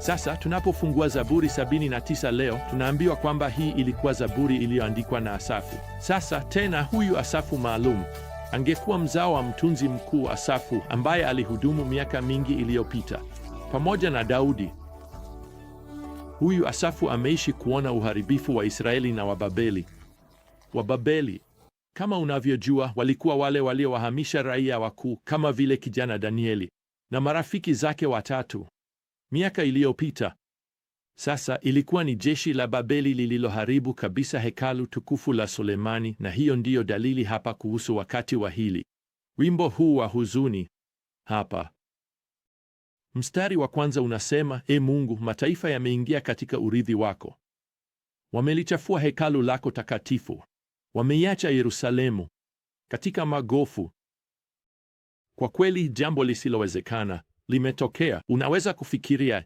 Sasa tunapofungua Zaburi 79 leo, tunaambiwa kwamba hii ilikuwa zaburi iliyoandikwa na Asafu. Sasa tena huyu Asafu maalum angekuwa mzao wa mtunzi mkuu Asafu ambaye alihudumu miaka mingi iliyopita pamoja na Daudi. Huyu Asafu ameishi kuona uharibifu wa Israeli na Wababeli. Wababeli, kama unavyojua, walikuwa wale waliowahamisha raia wakuu kama vile kijana Danieli na marafiki zake watatu miaka iliyopita. Sasa ilikuwa ni jeshi la Babeli lililoharibu kabisa hekalu tukufu la Sulemani, na hiyo ndiyo dalili hapa kuhusu wakati wa hili wimbo huu wa huzuni. Hapa mstari wa kwanza unasema, E Mungu, mataifa yameingia katika urithi wako, wamelichafua hekalu lako takatifu, wameiacha Yerusalemu katika magofu. Kwa kweli jambo lisilowezekana limetokea. Unaweza kufikiria,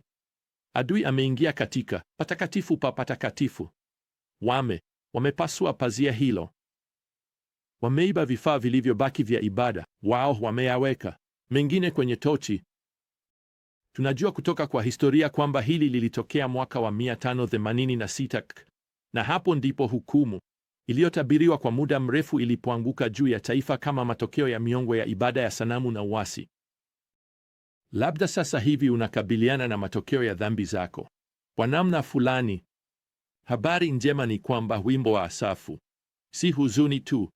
adui ameingia katika patakatifu pa patakatifu, wame wamepasua pazia hilo, wameiba vifaa vilivyobaki vya ibada wao, wameyaweka mengine kwenye tochi. Tunajua kutoka kwa historia kwamba hili lilitokea mwaka wa 586 na hapo ndipo hukumu iliyotabiriwa kwa muda mrefu ilipoanguka juu ya taifa kama matokeo ya miongo ya ibada ya sanamu na uasi. Labda sasa hivi unakabiliana na matokeo ya dhambi zako kwa namna fulani. Habari njema ni kwamba wimbo wa Asafu si huzuni tu.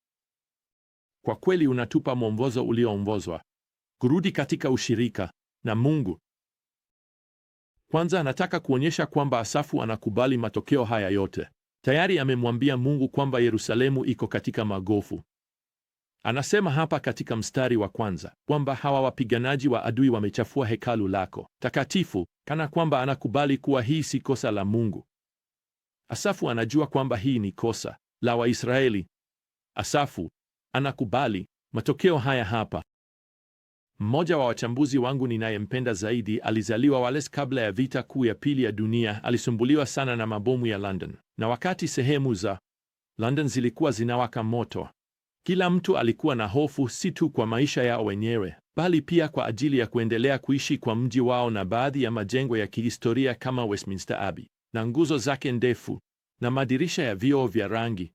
Kwa kweli unatupa mwongozo ulioongozwa kurudi katika ushirika na Mungu. Kwanza anataka kuonyesha kwamba Asafu anakubali matokeo haya yote. Tayari amemwambia Mungu kwamba Yerusalemu iko katika magofu Anasema hapa katika mstari wa kwanza kwamba hawa wapiganaji wa adui wamechafua hekalu lako takatifu, kana kwamba anakubali kuwa hii si kosa la Mungu. Asafu anajua kwamba hii ni kosa la Waisraeli. Asafu anakubali matokeo haya hapa. Mmoja wa wachambuzi wangu ninayempenda zaidi alizaliwa Wales kabla ya vita kuu ya pili ya dunia. Alisumbuliwa sana na mabomu ya London, na wakati sehemu za London zilikuwa zinawaka moto, kila mtu alikuwa na hofu, si tu kwa maisha yao wenyewe, bali pia kwa ajili ya kuendelea kuishi kwa mji wao na baadhi ya majengo ya kihistoria kama Westminster Abbey na nguzo zake ndefu na madirisha ya vioo vya rangi.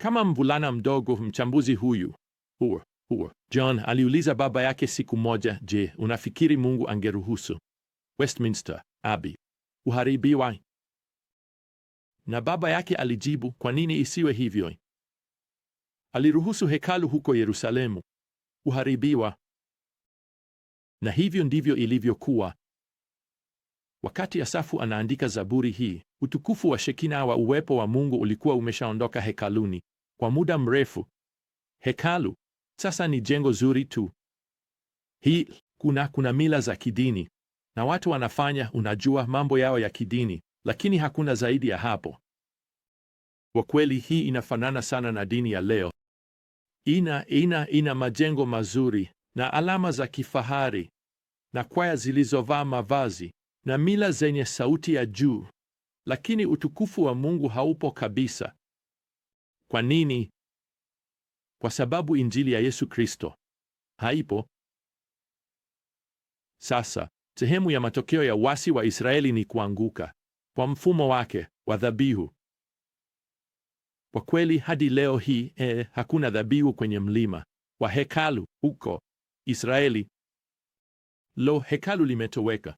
Kama mvulana mdogo, mchambuzi huyu huo huo John aliuliza baba yake siku moja, je, unafikiri Mungu angeruhusu Westminster Abbey uharibiwa? Na baba yake alijibu, kwa nini isiwe hivyo? aliruhusu hekalu huko Yerusalemu kuharibiwa. Na hivyo ndivyo ilivyokuwa. Wakati Asafu anaandika Zaburi hii, utukufu wa Shekina wa uwepo wa Mungu ulikuwa umeshaondoka hekaluni kwa muda mrefu. Hekalu sasa ni jengo zuri tu. Hii kuna kuna mila za kidini na watu wanafanya, unajua, mambo yao ya kidini, lakini hakuna zaidi ya hapo. Kwa kweli, hii inafanana sana na dini ya leo ina ina ina majengo mazuri na alama za kifahari na kwaya zilizovaa mavazi na mila zenye sauti ya juu, lakini utukufu wa Mungu haupo kabisa. Kwa nini? Kwa sababu injili ya Yesu Kristo haipo. Sasa sehemu ya matokeo ya wasi wa Israeli ni kuanguka kwa mfumo wake wa dhabihu. Kwa kweli hadi leo hii eh, hakuna dhabihu kwenye mlima wa hekalu huko Israeli. Lo, hekalu limetoweka.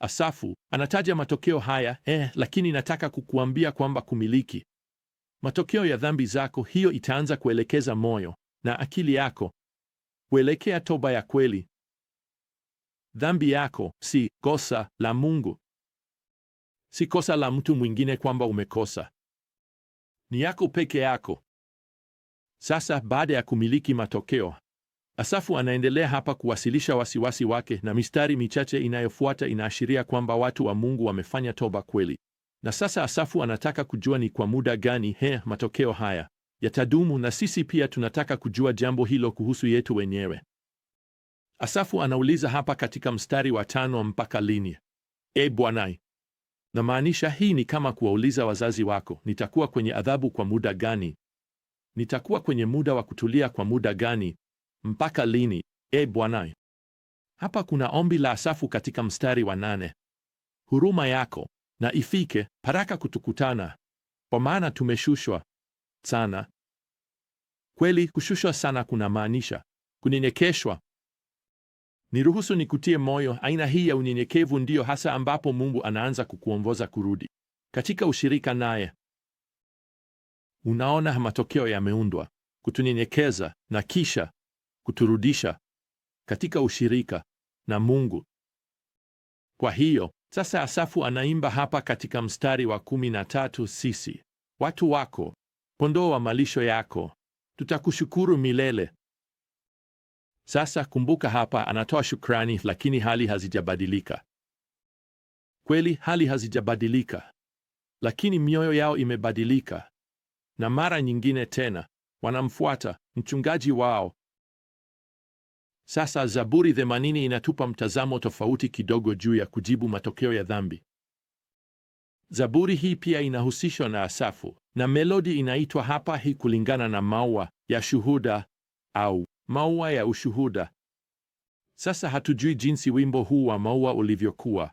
Asafu anataja matokeo haya eh, lakini nataka kukuambia kwamba kumiliki matokeo ya dhambi zako, hiyo itaanza kuelekeza moyo na akili yako kuelekea toba ya kweli. Dhambi yako si kosa la Mungu, si kosa la mtu mwingine kwamba umekosa ni yako peke yako. Sasa baada ya kumiliki matokeo, Asafu anaendelea hapa kuwasilisha wasiwasi wake, na mistari michache inayofuata inaashiria kwamba watu wa Mungu wamefanya toba kweli. Na sasa Asafu anataka kujua ni kwa muda gani he matokeo haya yatadumu, na sisi pia tunataka kujua jambo hilo kuhusu yetu wenyewe. Asafu anauliza hapa katika mstari wa tano, mpaka lini, e Bwanai? Namaanisha hii ni kama kuwauliza wazazi wako, nitakuwa kwenye adhabu kwa muda gani? Nitakuwa kwenye muda wa kutulia kwa muda gani? Mpaka lini, e Bwana? Hapa kuna ombi la Asafu katika mstari wa nane: huruma yako na ifike haraka kutukutana, kwa maana tumeshushwa sana. Kweli, kushushwa sana kunamaanisha kunyenyekeshwa Niruhusu nikutie moyo, aina hii ya unyenyekevu ndiyo hasa ambapo Mungu anaanza kukuongoza kurudi katika ushirika naye. Unaona, matokeo yameundwa kutunyenyekeza na kisha kuturudisha katika ushirika na Mungu. Kwa hiyo sasa Asafu anaimba hapa katika mstari wa kumi na tatu, sisi watu wako, kondoo wa malisho yako, tutakushukuru milele. Sasa kumbuka, hapa anatoa shukrani, lakini hali hazijabadilika. Kweli hali hazijabadilika, lakini mioyo yao imebadilika, na mara nyingine tena wanamfuata mchungaji wao. Sasa Zaburi 80 inatupa mtazamo tofauti kidogo juu ya kujibu matokeo ya dhambi. Zaburi hii pia inahusishwa na Asafu na melodi inaitwa hapa hii kulingana na maua ya shuhuda au Maua ya ushuhuda. Sasa hatujui jinsi wimbo huu wa maua ulivyokuwa,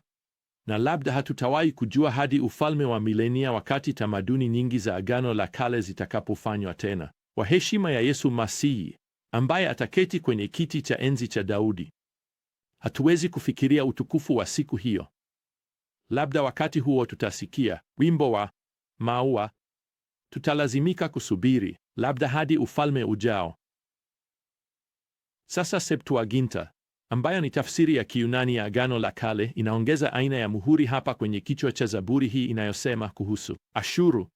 na labda hatutawahi kujua hadi ufalme wa milenia, wakati tamaduni nyingi za Agano la Kale zitakapofanywa tena kwa heshima ya Yesu Masihi ambaye ataketi kwenye kiti cha enzi cha Daudi. Hatuwezi kufikiria utukufu wa siku hiyo. Labda wakati huo tutasikia wimbo wa maua. Tutalazimika kusubiri labda hadi ufalme ujao. Sasa Septuaginta, ambayo ni tafsiri ya Kiyunani ya Agano la Kale, inaongeza aina ya muhuri hapa kwenye kichwa cha Zaburi hii inayosema kuhusu Ashuru.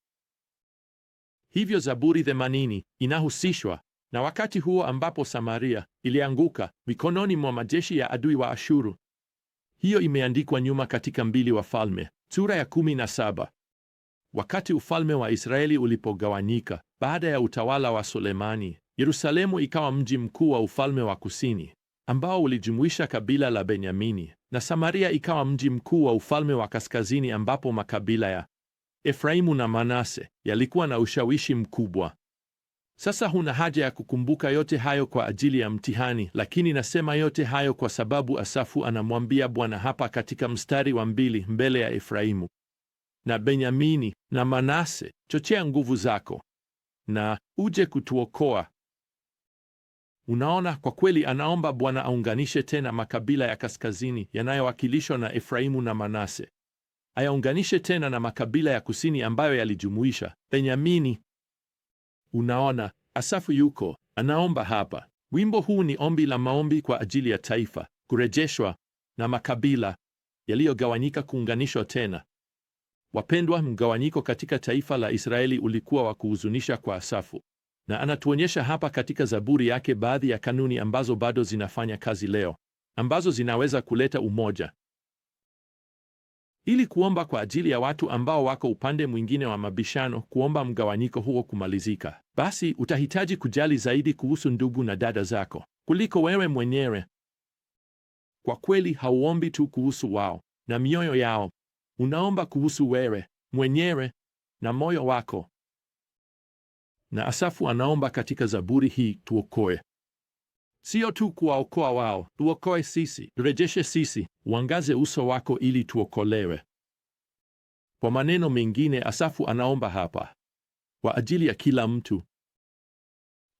Hivyo Zaburi 80 inahusishwa na wakati huo ambapo Samaria ilianguka mikononi mwa majeshi ya adui wa Ashuru. Hiyo imeandikwa nyuma katika mbili Wafalme sura ya 17, wakati ufalme wa Israeli ulipogawanyika baada ya utawala wa Sulemani. Yerusalemu ikawa mji mkuu wa ufalme wa kusini ambao ulijumuisha kabila la Benyamini, na Samaria ikawa mji mkuu wa ufalme wa kaskazini ambapo makabila ya Efraimu na Manase yalikuwa na ushawishi mkubwa. Sasa huna haja ya kukumbuka yote hayo kwa ajili ya mtihani, lakini nasema yote hayo kwa sababu Asafu anamwambia Bwana hapa katika mstari wa mbili, mbele ya Efraimu na Benyamini na Manase, chochea nguvu zako na uje kutuokoa Unaona, kwa kweli anaomba Bwana aunganishe tena makabila ya kaskazini yanayowakilishwa na Efraimu na Manase, ayaunganishe tena na makabila ya kusini ambayo yalijumuisha Benyamini. Unaona, Asafu yuko anaomba hapa. Wimbo huu ni ombi la maombi kwa ajili ya taifa kurejeshwa na makabila yaliyogawanyika kuunganishwa tena. Wapendwa, mgawanyiko katika taifa la Israeli ulikuwa wa kuhuzunisha kwa Asafu na anatuonyesha hapa katika Zaburi yake baadhi ya kanuni ambazo bado zinafanya kazi leo, ambazo zinaweza kuleta umoja ili kuomba kwa ajili ya watu ambao wako upande mwingine wa mabishano, kuomba mgawanyiko huo kumalizika. Basi utahitaji kujali zaidi kuhusu ndugu na dada zako kuliko wewe mwenyewe. Kwa kweli, hauombi tu kuhusu wao na mioyo yao, unaomba kuhusu wewe mwenyewe na moyo wako na Asafu anaomba katika Zaburi hii, tuokoe sio tu kuwaokoa wao, tuokoe sisi, turejeshe sisi, uangaze uso wako ili tuokolewe. Kwa maneno mengine, Asafu anaomba hapa kwa ajili ya kila mtu.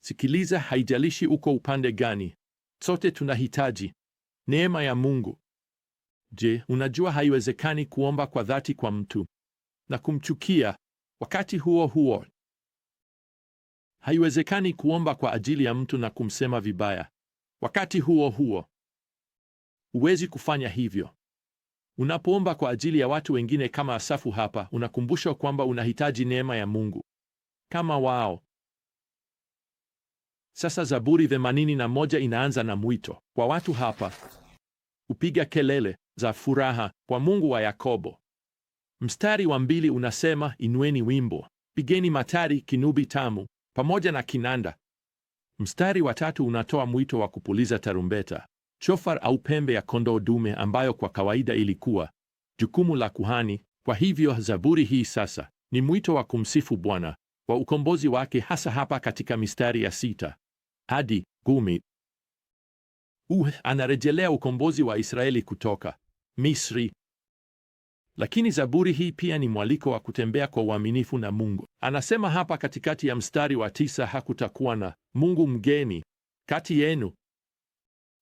Sikiliza, haijalishi uko upande gani, sote tunahitaji neema ya Mungu. Je, unajua haiwezekani kuomba kwa dhati kwa mtu na kumchukia wakati huo huo Haiwezekani kuomba kwa ajili ya mtu na kumsema vibaya wakati huo huo. Huwezi kufanya hivyo. Unapoomba kwa ajili ya watu wengine kama Asafu hapa, unakumbushwa kwamba unahitaji neema ya Mungu kama wao. Sasa Zaburi 81 inaanza na mwito kwa watu hapa upiga kelele za furaha kwa Mungu wa Yakobo. Mstari wa mbili unasema, inueni wimbo, pigeni matari, kinubi tamu, pamoja na kinanda. Mstari wa tatu unatoa mwito wa kupuliza tarumbeta, chofar au pembe ya kondoo dume, ambayo kwa kawaida ilikuwa jukumu la kuhani. Kwa hivyo zaburi hii sasa ni mwito wa kumsifu Bwana kwa ukombozi wake, hasa hapa katika mistari ya sita hadi kumi. Uh, anarejelea ukombozi wa Israeli kutoka Misri. Lakini Zaburi hii pia ni mwaliko wa kutembea kwa uaminifu na Mungu. Anasema hapa katikati ya mstari wa tisa, hakutakuwa na Mungu mgeni kati yenu.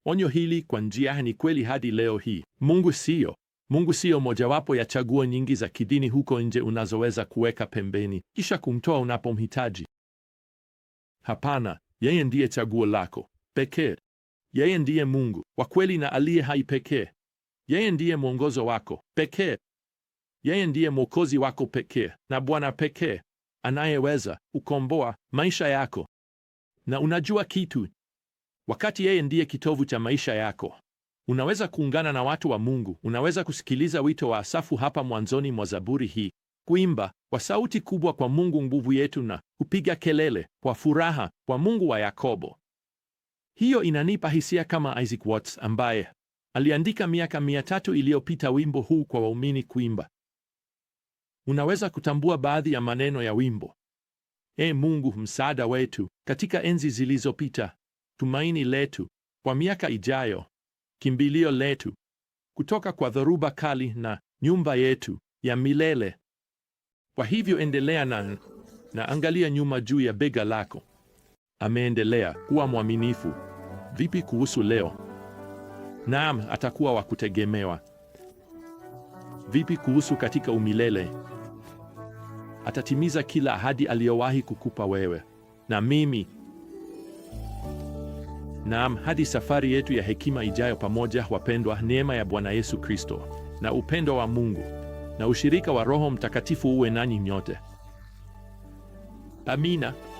Onyo hili kwa njia ni kweli hadi leo hii. Mungu siyo Mungu siyo mojawapo ya chaguo nyingi za kidini huko nje unazoweza kuweka pembeni kisha kumtoa unapomhitaji. Hapana, yeye ndiye chaguo lako pekee. Yeye ndiye Mungu wa kweli na aliye hai pekee. Yeye ndiye mwongozo wako pekee. Yeye ndiye mwokozi wako pekee na Bwana pekee anayeweza ukomboa maisha yako. Na unajua kitu, wakati yeye ndiye kitovu cha maisha yako, unaweza kuungana na watu wa Mungu. Unaweza kusikiliza wito wa Asafu hapa mwanzoni mwa Zaburi hii, kuimba kwa sauti kubwa kwa Mungu nguvu yetu, na kupiga kelele kwa furaha kwa Mungu wa Yakobo. Hiyo inanipa hisia kama Isaac Watts ambaye aliandika miaka mia tatu iliyopita wimbo huu kwa waumini kuimba Unaweza kutambua baadhi ya maneno ya wimbo: E Mungu msaada wetu katika enzi zilizopita, tumaini letu kwa miaka ijayo, kimbilio letu kutoka kwa dhoruba kali na nyumba yetu ya milele. Kwa hivyo endelea na na angalia nyuma juu ya bega lako. Ameendelea kuwa mwaminifu. Vipi kuhusu leo? Naam, atakuwa wa kutegemewa. Vipi kuhusu katika umilele? atatimiza kila ahadi aliyowahi kukupa wewe na mimi. Naam, hadi safari yetu ya hekima ijayo pamoja, wapendwa, neema ya Bwana Yesu Kristo na upendo wa Mungu na ushirika wa Roho Mtakatifu uwe nanyi nyote. Amina.